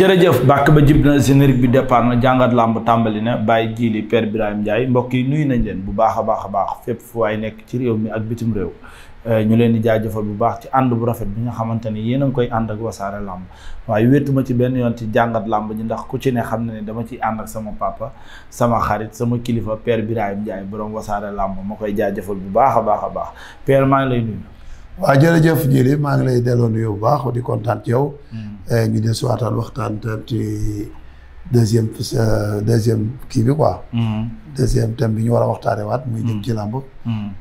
jërëjëf bàkk ba jib na générique bi départ na jàngat làmb tàmbali na bàyyi jiili Père Birahim Ndiaye mbokk yi nuyu nañ leen bu baax a baax a baax fépp fu waay nekk ci réew mi ak bitim réew eh, ñu leen di jaajëfal bu baax ci ànd bu rafet bi nga xamante ni yéen a ngi koy ànd ak wasaare làmb waaye wéetuma ci benn yoon ci jàngat làmb ji ndax ku ci ne xam na ne dama ciy ànd ak sama papa sama xarit sama kilifa Père Birahim Ndiaye borom wasaare làmb ma koy jaajëfal bu baax a baax a baax waaw jërëjëf Jili maa ngi lay delloo nuyu bu baax di kontaan ci yow. Hmm. Eh, ñu des waataan waxtaan ci deuxième euh, deuxième kii bi quoi. Hmm. deuxième thème bi ñu war a waxtaanee waat. muy jëm hmm. ci làmb.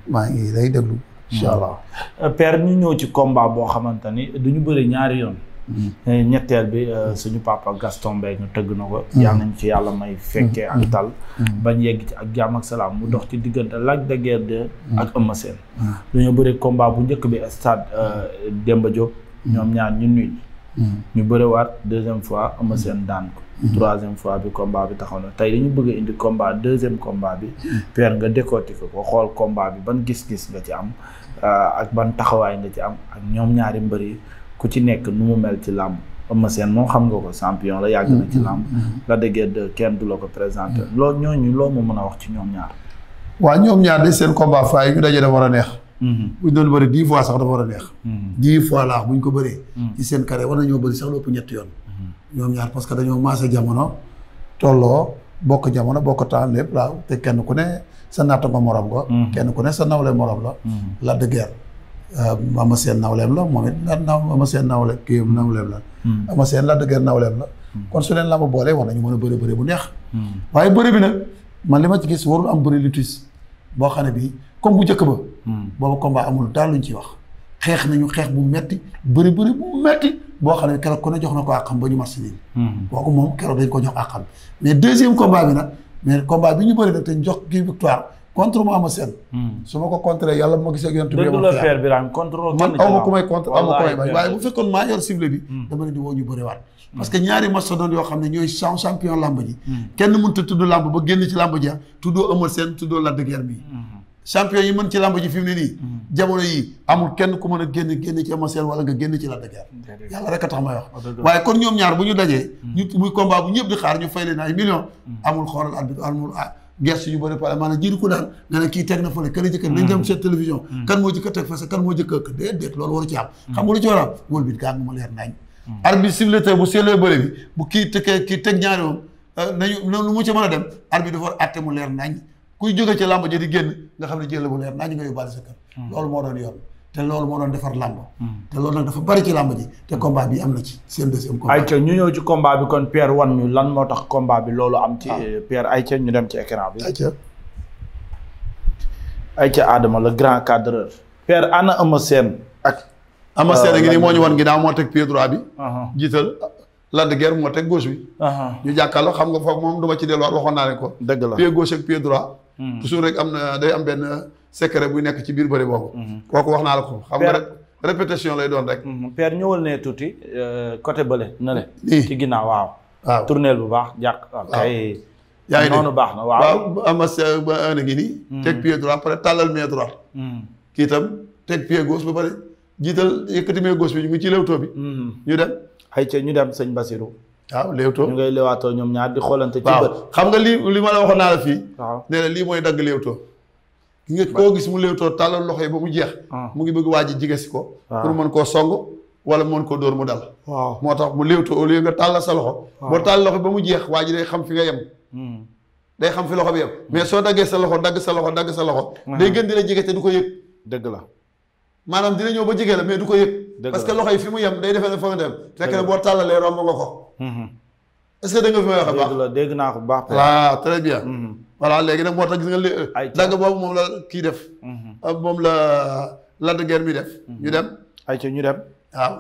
maa ngi lay déglu. incha allah. Euh, ñu ñëw ci combat boo xamante ni du ñu bëri ñaari yoon. Mm-hmm. Eh, ñetteel bi euh, mm-hmm. suñu papa Gaston ñu tëgg na ko mm-hmm. yal nañ ci yàlla may fekkee ak tal bañ yegg ci ak jàmm ak salaam mu dox ci diggante Lac de ak Eumeu Sène dañoo bëri combat bu njëkk bi stade euh, Demba Diop ñoom ñaar ñu nuy ñu bëri waat deuxième fois Eumeu Sène daan ko troisième fois bi combat bi taxaw na tey dañu bëgg indi combat deuxième combat bi père nga décortiquer ko xool combat bi ban gis-gis nga ci am euh, ak ban taxawaay nga ci am ak ñoom ñaari mbër yi ku ci nekk nu mu mel ci làmb Eumeu Sène moom xam nga ko champion la yàgg na ci mm-hmm. làmb mm-hmm. la dëggee de kenn du la ko présenté mm-hmm. loolu ñooñu loo ma mën a wax ci ñoom ñaar waa ñoom ñaar de seen combat fa yi ñu dajee dafa war a neex buñ doon bëri dix fois sax dafa war a neex dix fois laax buñ ko bëree ci seen carré war nañoo bëri sax lu ëpp ñetti yoon ñoom parce que dañoo maase jamono tolloo bokk jamono bokk temps lépp laaw te kenn ku ne sa naata nga morom ko kenn ku ne sa nawle morom la la de guerre Ama euh, Sène nawleem la moom it naaw Ama Sène nawle kii nawleem la. Ama hmm. Sène Lac de Guiers nawleem la. Hmm. kon su leen làmb boolee war nañu mën a bëri bu neex. Hmm. waaye bëri bi nag man li ma ci gis warul am bëri lutis boo xam ne bii comme bu njëkk ba. boobu combat amul daal luñ ci wax. xeex nañu xeex bu metti bëri bëri bu metti boo xam ne keroog ku ne jox na ko àqam ba ñu marché nii. kooku moom keroog dañ ko jox àqam mais deuxième combat bi nag mais combat bi ñu bëri nag te jox kii victoire. contre ma Ama Sène. Hmm. su ma ko contrer yàlla bu ma gisee ak yonent bi. dëgg la père Birame man aw ma ku may contre aw ma may bay waaye bu fekkoon maa yor bi. Hmm. dama leen di woo ñu bëriwaat. Hmm. parce que ñaari match yoo xam ne ñooy champion lamb ji. kenn mënut a tudd lamb ba génn ci lamb ji tuddoo Ama Sène tuddoo Lac de champion yi mën ci lamb ji fi ne nii. jamono yi amul kenn ku mën a génn génn ci Ama Sène wala nga génn ci Lac de yàlla rek gestu yu bëri pare maanaam jiitu ku daan nga ne kii teg na fële kële jëkk nañ dem seen télévision mm. kan moo jëkk teg fase kan moo jëkk ak déedéet ci am mm. xam nga lu ci war am wóol mm. bit gaa bu seelee bëri bi bu kii tëkkee kii teg ñaari moom euh, nañu lu mu ci mën a dem arbitre dafa war atte mu leer nañ kuy jóge ci làmb ji di génn nga xam ne jël bu leer nañ nga yóbbaale sa kër loolu moo doon yoon te loolu moo doon defar làmb hmm. te loolu dafa bari ci làmb ji te combat bi am na ci seen deuxième combat. ayca ñu ñëw ci combat bi kon Pierre wan ñu lan moo tax combat bi loolu am ci ah. euh, Pierre ayca ñu dem ci écran bi ayca ayca Adama le grand cadreur Pierre ana Eumeu Sène ak Eumeu Sène a ngi nii euh, moo ñu wan ginnaaw moo teg pied droit bi uh-huh. jiital Lac de Guiers moo teg gauche bi uh-huh. ñu jàkkaarloo xam nga foofu moom du ma ci delluwaat waxoon naa ko dëgg la pied gauche ak pied droit hmm. toujours rek am na day am benn secret buy nekk ci biir bëri boobu. Mhm. kooku wax naa la ko xam nga rek répétition lay doon rek. Mhm. per ñëwal ne tuuti euh, côté bale na le. ci ginnaaw waaw. waaw tournel bu baax jàq. kay yaa ngi noonu baax na waaw. am ba ngi nii. Mhm. teg pied droit pare tàllal main droit. kii itam teg pied gauche ba pare jiital yëkkati main gauche bi ñu ngi ci lewtoo bi. ñu dem. ay ca ñu dem sëñ Basirou. waaw léewtoo ñu ngay léewaatoo ñoom ñaar di xoolante. ci bët xam nga lii li ma la waxoon naa la fii. waaw lii mooy dagg léewtoo. gis nga koo gis mu léewtoo tàllal loxo yi ba mu jeex ah. mu ngi bëgg waa ji jige si ko ah. pour mën koo song wala mën koo dóor mu dal waaw moo tax mu léewtoo au lieu nga tàllal sa loxo ah. boo tàllal loxo ba mu jeex waa ji day xam fi nga yem hmm. day xam fi loxo bi yem hmm. mais soo daggee sa loxo dagg sa loxo dagg sa loxo hmm. day gën di la jige te du ko yëg dëgg la maanaam dina ñëw ba jige la mais du ko yëg parce que loxo yi fi mu yem day defee ne fa nga dem fekk ne boo tàllalee romb nga ko est-ce que dégg naa ko baax waaw très voilà léegi nag moo tax gis nga li danga boobu moom la kii def mhm. ah, moom la ladd guerre bi def mhm. ñu dem ay ca ñu dem waaw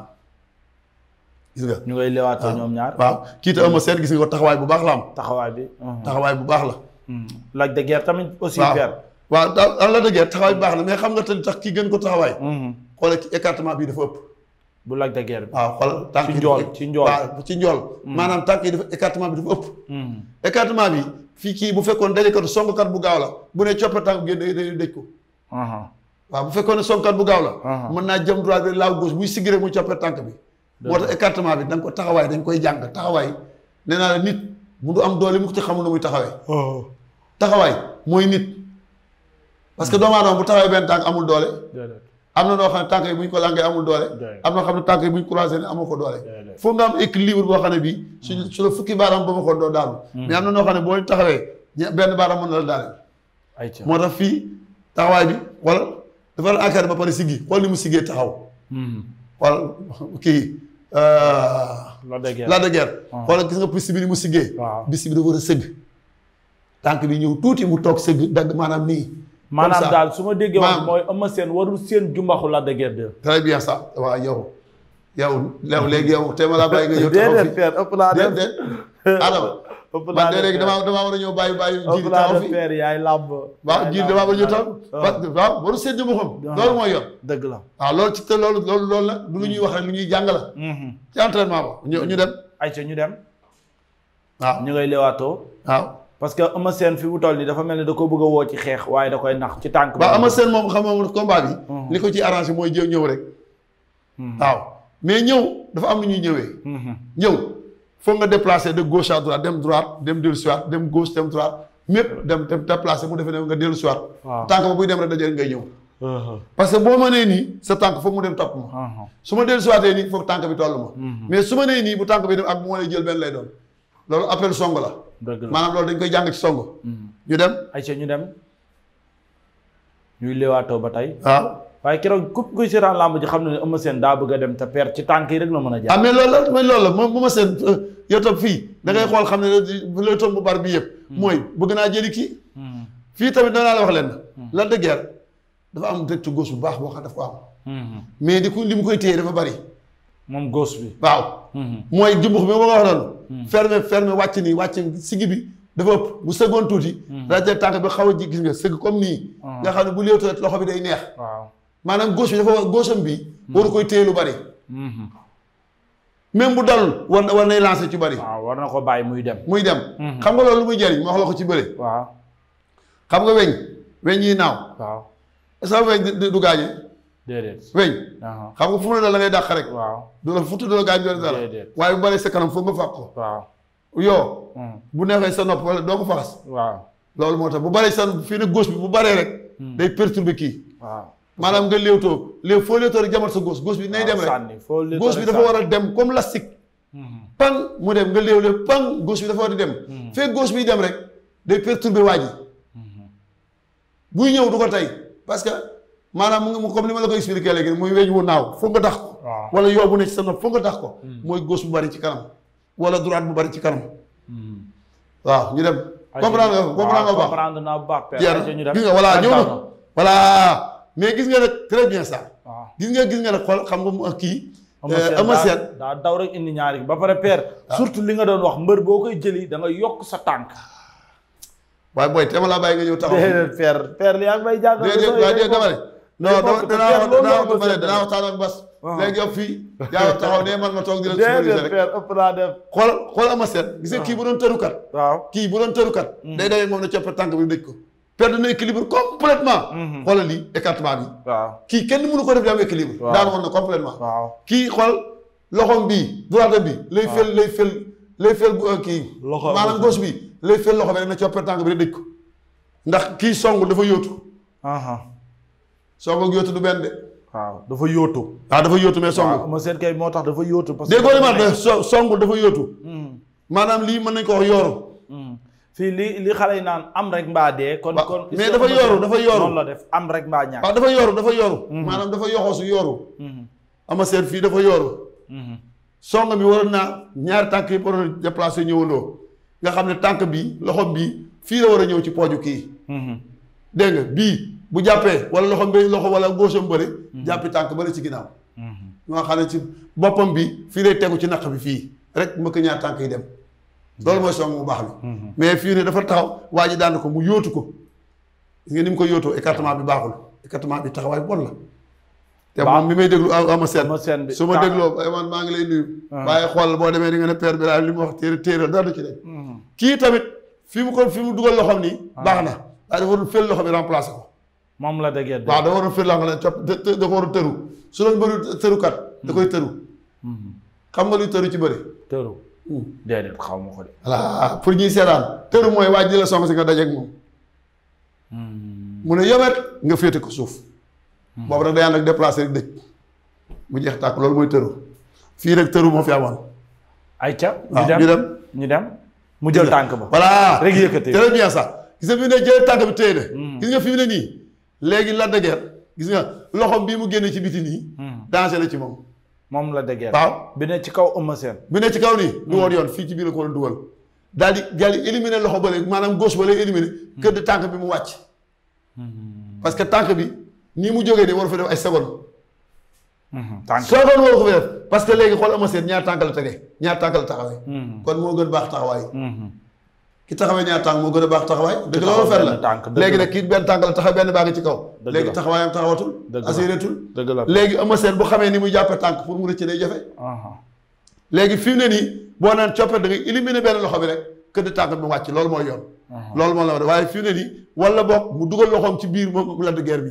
gis nga ñu ngay lewaatoo ñoom ñaar waaw kii te ama seen gis nga taxawaay bu baax la taxawaay bi mhm. taxawaay bu baax la laaj de guerre tamit aussi guerre waaw waaw laaj de guerre taxawaay baax la mais xam nga te tax kii gën ko taxawaay xoola ci bii dafa ëpp bu laaj de guerre waaw xool tànk ci njool ci njool waaw ci njool maanaam tànk yi dafa écartement bi dafa ëpp écartement bi fii kii bu fekkoon dajekat songkat bu gaaw la bu ne coppe tànk génn day ko waaw bu fekkoon ne songkat bu gaaw la mën naa jëm droit bi laaw buy sigiré mu coppe tànk bi moo tax écartement bi ko taxawaay dañ koy jàng taxawaay nee naa la nit mu du am doole mu ko ci xamul na muy taxawee oh. taxawaay mooy nit parce que hmm. doomu aadama bu taxawee benn tànk amul doole am na noo xam ne tànk yi bu ñu ko làngee amul doole am na xam ne tànk yi bu ñu croisé ne amoo ko doole foog nga am équilibre boo xam ne bii su hmm. su la fukki baaraam ba ma ko doo daanu hmm. mais am na noo xam ne boo taxawee benn baaraam mën na la daane moo tax fii taxawaay bi wala dafa la akar ba pare siggi xool ni mu siggee taxaw hmm. wala kii euh, la de guerre xoolal ah. gis nga piste bi ni mu siggee bis bi dafa war a sëgg tànk bi ñëw tuuti mu toog sëgg dagg maanaam nii maanaam daal su ma déggee wax mooy Eumeu Sène warul seen jumbaxu Lac de Guiers 2 très bien ça waaw yow yow yow léegi yow te ma laa nga ñëw taxaw fi déedéet ëpp war a ñëw bàyyi a ñëw waaw waru seen jumbaxam loolu mooy yoon dëgg la waaw loolu ci te loolu loolu loolu la du lu ñuy wax rek lu ñuy jàng la mm-hmm. ci entraînement ba ñu ñu dem ay ca ñu dem waaw ñu ngay lewaatoo waaw parce que Eumeu Sène fi mu toll nii dafa mel ni da ko bëgg a woo ci xeex waaye da koy nax ci tànk. waaw Eumeu Sène moom hmm. li ko ci arrangé mooy jë ñëw rek. Hmm. waaw mais ñëw dafa am lu ñuy ñëwee. Hmm. ñëw foog nga déplacer de gauche à droite dem droite dem dellu si waat dem gauche dem droite mépp dem dem déplacer mu defee nga dellu si waat. waaw tànk ba buy dem rek dajale ngay ñëw. Uh-huh. parce que boo ma nee nii sa tànk foog mu dem topp ma. Uh-huh. su ma dellu si nii foog tànk bi toll ma. mais su ma nee nii bu tànk bi dem ak moo lay jël benn lay doon. loolu appel song la. maanaam loolu dañ koy jàng ci song. Mm-hmm. ñu dem. ayca ñu dem ñuy leewaatoo ba tey. waaw waaye keroog ku kuy seetaan làmb ji xam ne Eumeu seen daa bëgg a dem te per ci tànk yi rek la mën a jaar. ah loolu la mais loolu moom seen euh, yow tam fii da ngay mm-hmm. xool xam ne looy tomb bu bar bi yëpp. Mm-hmm. mooy bëgg naa jëli kii. fii tamit danaa la wax leen la de guerre dafa am direct gauche bu baax boo xam daf ko am. mais di ko li mu koy téye dafa bari. moom goos bi waaw. Mm-hmm. mooy jumbux bi ma ko wax noonu. Mm-hmm. ferme ferme wàcc nii wàcc sigi bi dafa ëpp bu sëggoon tuuti. rajo mm-hmm. tànk bi xaw a ji gis nga sëgg comme nii. Ah. nga xam ne bu léewtoo loxo bi day neex. maanaam góos bi dafa gaucheam bi. waru koy téye lu bari. même bu dal war na war nay lancer ci bari. waaw ah, war na ko bàyyi muy dem. muy dem. xam nga loolu lu muy jëriñ ma wax la ko ci bëre. waaw xam nga weñ weñ yi naaw. waaw est-ce que weñ du gaañee. déedéet weñ xam nga fu mu ne la la ngay dàq rek waaw du la futt du la gaañ dara waaye bu baree sa kanam foog nga fàq ko yoo hmm. bu neexee sa nopp wala doo ko faxas waaw loolu moo tax bu baree sa fii ne bi bu baree rek hmm. day perturber kii waaw maanaam nga léewtoo léew foo léewtoo rek jamal sa gauche gauche bi nay dem rek goos bi dafa war a dem comme lastique hmm. pang mu dem nga léew léew pang gauche bi dafa war a dem fekk gauche bi dem rek day perturber waa ji buy ñëw du ko tey maanaam mu ngi comme li ma la ko expliqué léegi muy weñ wu naaw foog nga dax ko wala yow bu ne ci sa nopp foog nga dax ko hmm. mooy goos bu bari ci kanam wala droite bu bari ci kanam hmm. waaw ñu dem comprendre nga comprendre nga comprendre naa bu baax gis nga voilà ñëw na voilà mais gis nga nag très bien ça gis nga gis nga nag xool xam nga mu ak kii ama euh, seen daa daw rek indi ñaari ba pare père ah. surtout li nga doon wax mbër boo koy jëli da nga yokk sa tànk waaye booy te ma laa bàyyi nga ñëw taxaw père père li yaa ngi may non dama danaa danaa ko bële danaa waxtaan ak Bas. Ah. léegi yow fii yaa taxaw ne man ma toog di la. superviser rek ëpp naa def. xool xool ama seet. gis nga ah. kii bu doon tërukat. kii bu doon tërukat. Mm. day day moom na coppe tànk bi dëj ko. perdre na équilibre complètement mm-hmm. xoolal lii écartement bi. waaw kii kenn mënu ko def di am équilibre. waaw daan woon na complètement kii xool bi lay ah. fel lay fel lay fel euh, kii. loxo maanaam gauche bi lay fel loxo bi rek na ko. ndax kii song dafa yóotu. song ak yóotu du benn de. waaw dafa yootu waaw ah, dafa yóotu mais song. waaw ma seet moo tax dafa yootu parce que déggoo li ma de songul dafa yóotu. Hmm. maanaam lii mën nañ yooru. Hmm. fii li li xale yi naan am rek mbaa dee. kon kon mais dafa yooru dafa yooru def am rek mbaa ñàkk. Ah, dafa yooru dafa yooru. Hmm. maanaam dafa si yooru. ama seet fii dafa yooru. song bi waroon naa ñaari tànk yi pour déplacer ñëwandoo nga xam ne tànk bi loxo bi fii la war a ñëw ci pooju kii. dégg bii. bu jàppee wala loxo mbéy loxo wala góosam bëri mhm. jàppi tànk bëri ci ginnaaw mhm. ñoo xam ne ci boppam bi fii tegu ci naq bi fii rek mëkk ñaar tànk yi dem loolu mooy song mu baax bi mhm. mais fii ne dafa taxaw waa ji daan ko mu yóotu ko nga ni mu ko yóotoo écartement bi baaxul écartement bi taxawaay bon la te moom mi may am a seen bi su ma dégloo eh, man maa ngi lay nuyu ah. waaye xool boo demee di nga ne père bi daal li mu wax téere téere dara du ci dem kii tamit fi mu ko fi mu dugal loxoom nii ah. baax na waaye dafa warul fël loxo bi remplacé ko moom la dëgg waaw da war a firlaanga leen cop da ko war a tëru su doon bëri tërukat da koy tëru mm-hmm. xam nga luy tëru ci bëri tëru mm. xaw ma ñuy seetaan tëru mooy waaj di la song nga mm-hmm. mu ne yëmet nga féete ko suuf mm-hmm. boobu nag day ànd ak déplacé rek dëj mu jeex tàkk loolu mooy tëru fii rek tëru moo fi amoon ay ca ñu dem ñu dem mu jël tànk ba voilà rek yëkkatee très bien ça gis nga mu ne jël tànk bi téye de mm. gis nga fi mu ne nii léegi Lac de Guiers gis nga loxom bii mu génn ci biti nii. Hmm. danger la ci moom. moom Lac de Guiers. waaw bi ci kaw Eumeu Sène. bi ne ci kaw nii. du hmm. woon yoon fii ci biir la ko war dugal. daal di daal di loxo ba bële maanaam gauche bële éliminer. Hmm. kër de tànk bi mu wàcc. parce que tànk bi nii mu jógee di war fa def ay seconde. tànk seconde war ko fa def. parce que léegi xool Eumeu Sène ñaar tànk la tegee ñaar tànk la taxawee. kon moo gën baax taxawaay. ki taxawee ñaar tànk moo gën a baax taxawaay dëgg la loolu fer la léegi nag kii benn tànk la taxaw benn baa ngi ci kaw léegi taxawaayam taxawatul assurétul léegi Eumeu Sène bu xamee ni muy jàppe tànk pour mu rëcc day jafe léegi fi ne nii boo naan coppet da ngay éliminer benn loxo bi rek këdd tànk bi mu wàcc loolu mooy yoon loolu moo la ma def waaye fi mu ne nii wala boog mu dugal loxoom ci biir moom la de guerre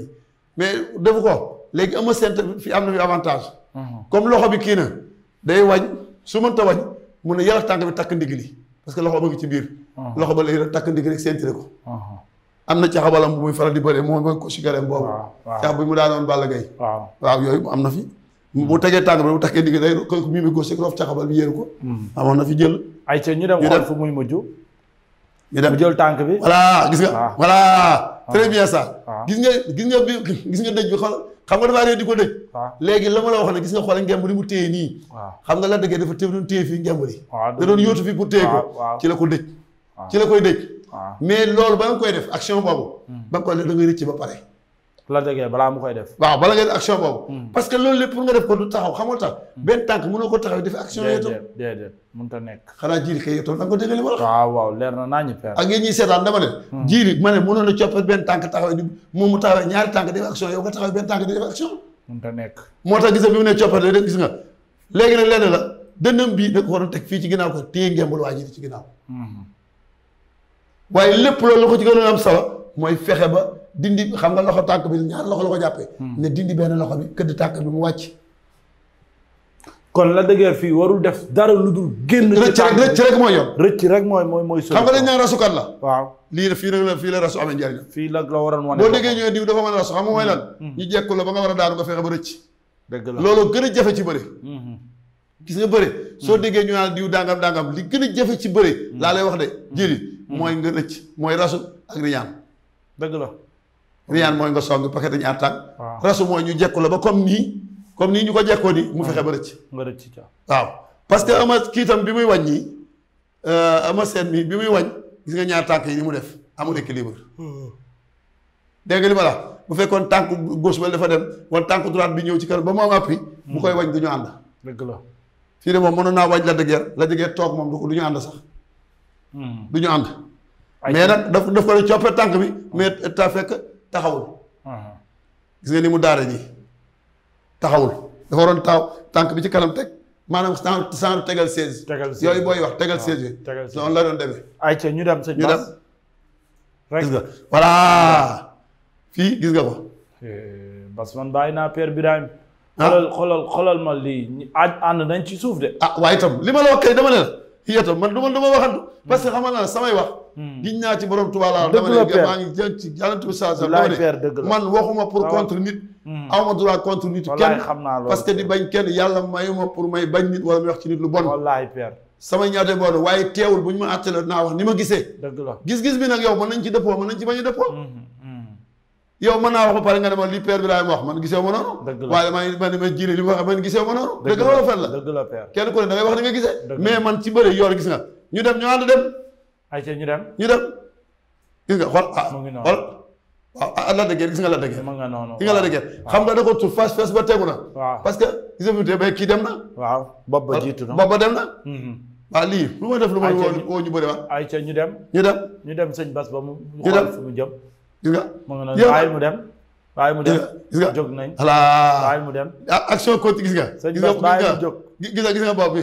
mais defu ko léegi Eumeu Sène fi am na fi avantage comme loxo bi kii na day wañ su mënta wañ mun a yarax tànk bi takk ndigg li parce que loxo ba ngi ci biir. Uh-huh. loxo ba léegi nag takk ndig rek séntu ko. Uh-huh. am na caxabalam bu muy faral di bëree moom mooy ko si gërëm boobu. waaw cax mu daanoon Balla Gaye. waaw waaw yooyu am na fi. Hmm. bu tegee tànk ba bu takkee ndig day ko mi mi caxabal bi yéeru ko. Hmm. amoon na fi jël. ay ca ñu dem xool fu muy mujj. ñu dem jël tànk bi. voilà gis nga. Ah. voilà ah. très bien ça. Ah. gis nga gis nga bi gis nga dëj bi xool. xam nga dafa réer di ko dëj léegi la ma la wax ne gis nga xoole ngemb li mu téye nii xam nga la dëggee dafa téye doon téye fii ngemb li da doon yóotu fii pour téye ko ci la ko dëj ci la koy dëj mais loolu ba nga koy def action boobu hmm. ba nga koy def da ngay rëcc ba pare la dëggee balaa mu koy def. waaw bala ngeen action boobu. Hmm. parce que loolu lépp pour nga def ko du taxaw xamal tax. Hmm. benn tànk mënoo ko taxaw def action. yooyu déedéet mënut a nekk. xanaa jiir kay itam da nga ko dégg li ma la. waaw waaw leer na naa ñu père. ak yéen ñiy seetaan dama ne. Hmm. jiir ma ne mënoon na coppite benn tànk taxaw di moom mu taxawee ñaari tànk def action yow nga taxaw benn tànk di def action. mënut a nekk. moo tax gis nga bi mu ne coppite yooyu gis nga léegi nag lenn la dënnam bii da ko waroon teg fii ci ginnaaw ko téye ngembul waa ji ci ginnaaw waaye lépp loolu la ko ci gënoon am solo mooy fexe ba dindi xam nga loxo tànk bi ñaar loxo la ko jàppee. Hmm. ne dindi benn loxo bi këdd tànk bi mu wàcc. kon la dëgër fii warul def dara lu dul génn. rëcc rek rëcc rek mooy yoon. rëcc rek mooy mooy mooy. xam nga dañ naan la. waaw lii fii rek fii la rasu amee njëriñ. fii la la waroon wane. boo déggee ñëwee diw a rasu xam nga mooy lan. Hmm. Hmm. ñu jekku la ba nga war a a jafe ci bëri. gis nga bëri. soo déggee ñu naan diw dàngam li gën a jafe ci bëri. laa lay wax de jëli. mooy nga rëcc mooy rasu ak riñaan. dëgg la riyaan mooy nga song paquet ñaar tànk rasu mooy ñu jekku la ba comme nii comme nii ñu ko jekkoo ni mu fexe ba rëcc waaw parce que ama kii tam bi muy wàññi euh, ama seen mi bi muy wañ gis nga ñaar tànk yi ni mu def amul équilibre dégg nga li bu fekkoon tànk gauche ba dafa dem wala tànk droite bi ñëw ci kanam ba mu am appui mu koy wañ du ñu ànd dëgg la fii de moom mënoon naa wañ la dëggeer la dëggeer toog moom du ñu ànd sax hmm. du ñu ànd mais nag daf daf ko ne coppe taxawul. Uh-huh. gis nga ni mu daara ji taxawul dafa waroon taw tànk bi ci kanam teg maanaam sans sans tegal seize. tegal seize yooyu booy wax tegal ah, seize yooyu. tegal seize la doon demee. ayca ñu dem sëñ ñu dem. rek gis nga voilà fii gis nga ko. parce eh, man bàyyi naa Père Birahim. ah xoolal xoolal xoolal ma lii ànd nañ ci suuf de. ah waaye itam li ma la wax dama ne la. xiyata man du ma ma waxantu parce que xamal naa samay wax hmm. giñ naa ci borom Tuubaa laa dama ngi jël ci yàlla tubi saa sa di bañ kenn yàlla mayuma pour may bañ nit wala may wax ci nit bon waaye teewul bu ñu ma àttale naa wax ni ma gisee gis-gis bi nag yow mën nañ ci dëppoo mën nañ ci bañ a dëppoo hmm. yow mën naa wax ba pare nga ne ma li père bi laay wax man gisee ma noonu. dëgg la waaye man man ma jiile li ma wax man gisee ma noonu. dëgg la dëgg la dëgg kenn ku ne da wax da nga gisee. mais man ci bëre yoon gis nga ñu dem ñu ànd nga xool ah xool ah, ah la dëgër nga noonu xam nga da ko tur face face ba tegu na. waaw parce que gis nga ba kii dem na. waaw bopp ba jiitu na bopp ba dem na. waaw mhm. ah, lii lu ma def lu ma oo ñu bëri waat. ayca ñu dem ñu dem ñu dem sëñ Bas ba mu. ñu dem mu jëm gis nga. yéen mu dem. waaye mu dem gis nga jóg nañ. voilà mu dem. Ah, action côté gis nga. gis nga gis nga gis bopp bi.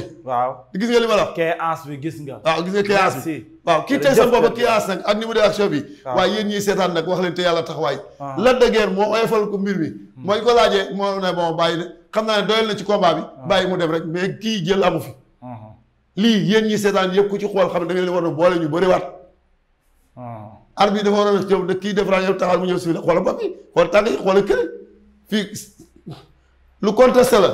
gis nga li ma la. kéance bi gis nga. waaw ah, gis nga kéance bi waaw kii tey sa bopp ak ni mu def action bi. waaye yéen ñiy seetaan nag wax leen te yàlla taxawaay. Ah. Lac de Guiers moo oyofal ko mbir bi hmm. moo ñu ko laajee moo ne bon bàyyi de xam naa ne doyal na ci combat bi. bàyyi mu dem rek mais kii jël amu fi. lii yéen ñiy seetaan yëpp ku ci xool xam ne da nga boole ñu bëriwaat arbitre dafa war a ñëw ne kii def yow taxaw mu ñëw si la xoolal bopp bi xool tànn yi fii lu contesté la.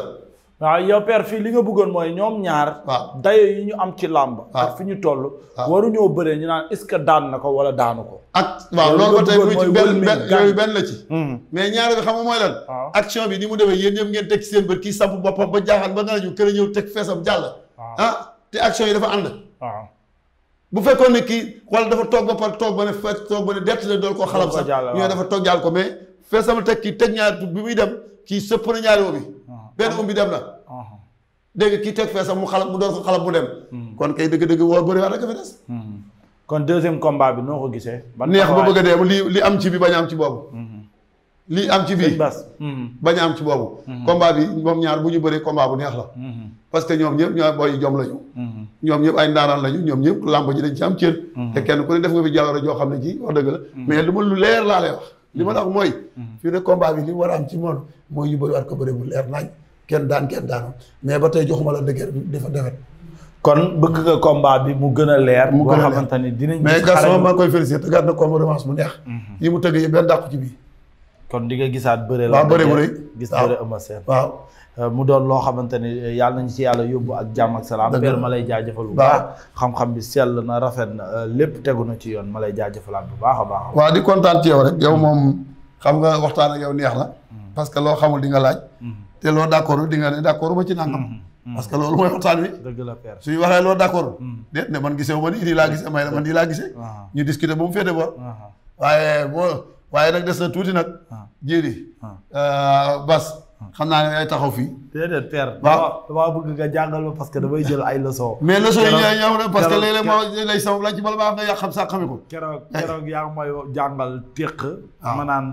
waaw yow père fii li nga bëggoon mooy ñoom ñaar. waaw dayo yi ñu am ci làmb. ak fi ñu toll. waaw waruñoo bëree ñu naan est-ce que daan na ko wala daanu ko. ak waaw loolu ba tey muy ci benn benn yooyu benn la ci. Hmm. mais ñaar nga xam nga mooy lan. action bi ni mu demee yéen ñoom ngeen teg seen bët kii samp boppam ba jaaxal ba nga ñu kër ñëw teg feesam jàll. ah te action yi dafa ànd. bu fekkoon ne kii wala dafa toog ba par toog ba ne fekk toog ba ne dett la dool koo xalam sax ko mais fee sama teg kii bi muy dem kii sëpp na bi uh-huh. benn oom bi dem na uh-huh. dégg nga mu xalam mu doon ko xalam mu hmm. kon kay dëgg-dëgg woo bëri waat rek hmm. kon deuxième combat bi noo ko gisee neex ba bëgg a dee li li am ci bi bañ ci boobu hmm. lii am ci bii bañ a ci boobu combat bi ñaar bu ñu bëree combat bu neex la parce que ñoom ñëpp ñoo booy jom ñoom ñëpp ay ndaaraan lañu ñoom ñëpp làmb ji dañ ci am cër. Mhm. te kenn ku ne def nga fi jàllale joo xam ne ji wax dëgg la. Mhm. mais lu ma lu ma la wax mooy. Mhm. fii ne combat bi li ba tey joxuma la dëgër dafa defet kon bëgg nga combat bi mu gën a leer. mu gën a leer boo xamante ni dinañ. mais Gaston maa ngi koy félicité te gàtt na combat revanche mu neex. yi mu tëgg yi benn dàqu ci bii. kon di nga gisaat bëre la. waaw bëre bu rëy gis bëre Eumeu Sène waaw Euh, mu doon loo xamante ni euh, yàlla nañ ci yàlla yóbbu ak jàmm ak salaam bu baax xam-xam bi euh, baax a baax di kontaan yow rek yow hmm. moom xam nga waxtaan ak yow neex na hmm. parce loo xamul di laaj hmm. te loo d'accord di ne d'accord ba ci nangam parce loolu mooy waxtaan wi dëgg la père suñu waxee loo d'accord déet ne man gisee wu ma nii nii laa gisee may la man nii laa gisee ah. ñu discuter ba mu féete ba ah. waaye boo waaye nag des na tuuti nag ah. jéeri bas xam naa ne taxaw fii. déedéet père. waaw damaa bëgg nga jàngal ma parce que damay jël ay leçons. mais leçons yi ñooy ñëw parce que léeg-léeg moo lay sabab la ci bala baax nga yàq xam sax xame ko. keroog eh. keroog yaa ngi may jàngal téq. waaw ah. ma naan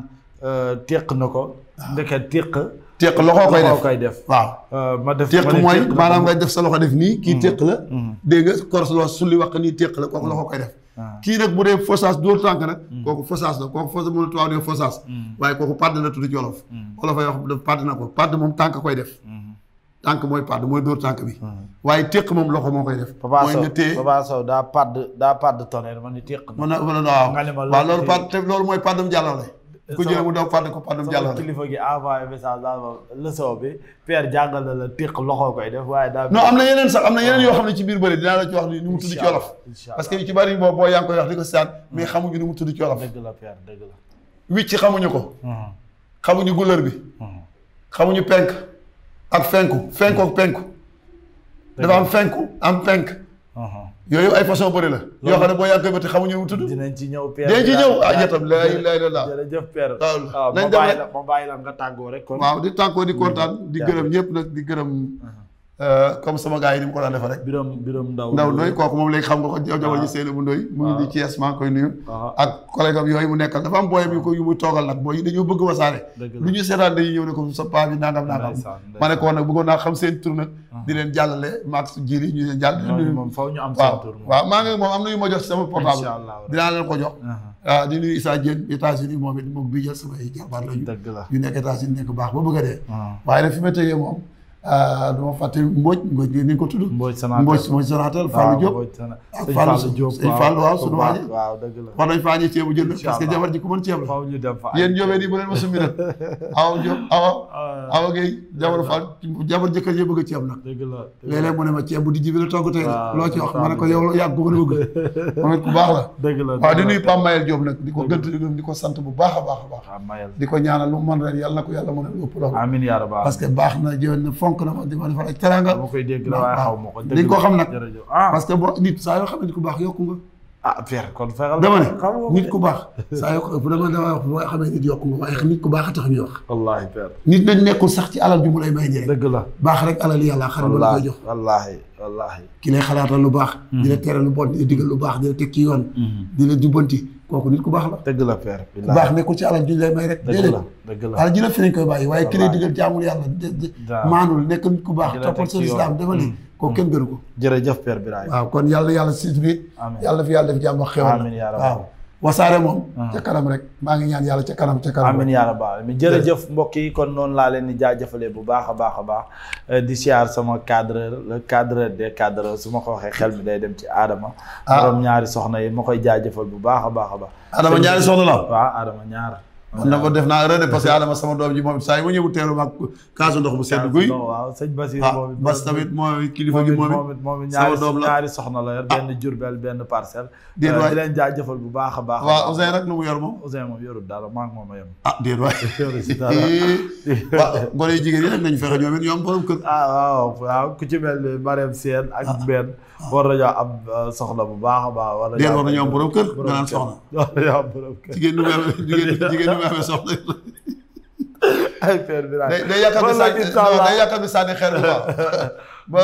euh, téq na ko. Ah. ndeket téq. téq loxoo koy def loxoo koy def. waaw euh, ma def téq mooy maanaam ngay def sa loxo def nii. kii mm. téq la. Mm. dégg nga kors loo li wax nii téq la kooku mm. loxoo koy def. Ah. kii nag bu dee fossage dóor tànk nag hmm. kooku fossage la kooku fossage mën a tubaab ne fossage hmm. waaye kooku padd la tudd ci wolof wolof hmm. ay wax padd na ko padd moom tànk koy def tànk mooy padd mooy dóor tànk bi waaye téq moom loxo moo koy def mooy nga téye Papa Sow daa padd daa padd tonnerre man ni loolu padd loolu mooy paddum jàllale ku jëlee mu doon fànn ko fànnum jàll. kilifa gi bi Pierre jàngal la téq loxo koy def waaye daal. non am na yeneen sax am na yeneen ah. yoo xam ne ci biir bëri dinaa la ci wax ni mu tudd ci wolof. yu ci bari boo boo yaa ngi koy wax di ko seet. mais hmm. xamuñu ni mu tudd ci wolof. dëgg la Pierre wicc xamuñu ko. Hmm. xamuñu gulër bi. Hmm. xamuñu penk. ak fenku fenku ak penku. dafa am fenku am penk. Uh-huh. yooyu ay façon bëri la. yoo xam ne boo yàggee ba te xamuñu mu tudd. dinañ ci ñëw père dinañ ci ñëw ah jotam lay lay la laa. waaw rek kon waaw di tàggoo di kontaan di gërëm ñëpp nag di gërëm. Uh-huh. Euh, comme sama gaa yi ni mu ko daan defee rek. ndaw ndaw kooku moom léegi xam nga ko ah. jabar ji Seydou bu Ndoye mu ngi ah. di Thiès maa ngi koy nuyu ah. ak collègue am yooyu mu nekkal dafa am booyam yu ko yu muy toogal nag booy yi dañoo bëgg wasaare lu ñu seetaan dañuy ñëw ma ne ko nag bëggoon naa xam seen tur leen jàllale max jili ñu leen jàll di moom faw ñu am seen tur waaw maa ngi moom am yu ma jox sama portable dinaa leen ko jox waaw di nuyu Issa Diène États-Unis moom it moom bii samay jabar lañu ñu nekk États-Unis nekk baax ba bëgg a dee waaye nag fi ma tegee moom Euh, du ma fàtte Mbodj Mbodj ni ko tudd. Mbodj Sonatel Mbodj Mbodj Sonatel Fallou Diop. waaw Fallou Diop ah, Fallou waaw la war jabar ji ku mën ceeb la. faaw ñu dem fa yéen Diop yi bu leen ma summi nag. awa Diop awa. Ah. awa Gueye jabar fa jabar jëkkër yi bëgg ceeb nag. dëgg la léeg-léeg mu bu di ji bi la togg tey la. Ah, loo ko yow yaa ko a bëgg. di ko sant bu baax a baax a baax. di ko ñaanal lu mu mën yàlla na ko yàlla mën a ëpp loolu. baax na jël na fonk na ma di ma defal ay teranga ah, ah, dañ ko xam nag ah. nit ku baax yokku nga ah fer kon feral dama ne nit a tax ñuy wax nit dañ nekkul sax ci alal ju mu lay may njëriñ la baax rek alal yàlla xarit la koy jox ki lay xalaatal lu baax di la hmm. teral lu bon di la digal lu baax di la ci yoon hmm. di jubbanti kooku nit ku baax la. dëgg la père bi baax nekkul ci alal ju lay may rek. dëgg la dëgg la alal ji la fi lañ koy bàyyi waaye ki lay digal jaamul yàlla. maanul nekk nit ku baax. toppal sa islam dafa lii mm. kooku kenn gënu ko. jërëjëf père Birahim. waaw kon yàlla yàlla si biir. amiin yàlla fi yàlla def jàmm ak xéwal. amiin wasaare moom. Ah. ca kanam rek maa ngi ñaan yàlla ca kanam ca kanam. amiin yàlla baax mi jërëjëf mbokk yi kon noonu laa leen di jaajëfalee bu baax a baax a baax eh, di siyaar sama cadreur le cadreur des su ma ko waxee xel mi day dem ci Adama. Ah. borom ñaari soxna yi ma koy jaajëfal bu baax a baax a baax. Adama ñaari soxna la waaw Adama ñaar. xam na ko def naa erreur de parce que Adama sama doom ji moom saa yi ma ñëw teeru ma kaasu ndox bu sedd guy waaw sëñ Basir ah, moom it Bas tamit moom kilifa gi moom it moom it sama doom la ñaari soxna la yor ah. benn Jurbel benn parcelle déet euh, waay di leen jaajëfal bu baax a baax waaw Ousseyn rek lu mu yor moom Ousseyn moom yorul dara maa ngi moom a yem ah déet waay waaw gone yi jigéen yi rek nañ fexe ñoom it ñoom borom kër ah waaw waaw ku ci mel ni Marème Sène ak ah. benn war nañoo am euh, soxna bu baax a baax war nañoo am borom kër nga naan soxna war nañoo am borom kër jigéen bi amee soxla. ay père day yàqal bi sànni day yàqal bi sànni xeer bi ba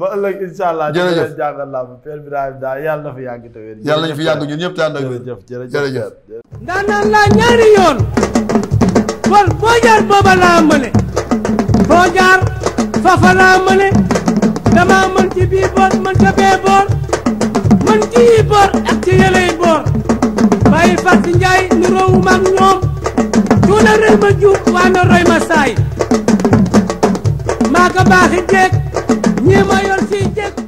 ba ëllëg incha allah. jërëjëf jàngal bi daal yàlla na fi yàgg te wér. yàlla na fi yàgg ñun ñëpp te ànd ak jërëjëf jërëjëf. ndaanaan laa ñaari yoon. kon boo jaar booba laa mëne. boo jaar fafa laa mëne. dama mën ci bii boor mën ca bee boor. mën ci boor ak ci yële boor. bàyyi Fatou Ndiaye nu roowu ñoom. tuuna rëy ma juut waa na roy ma saay maa ko baaxi jéeg ñii ma yor si jéeg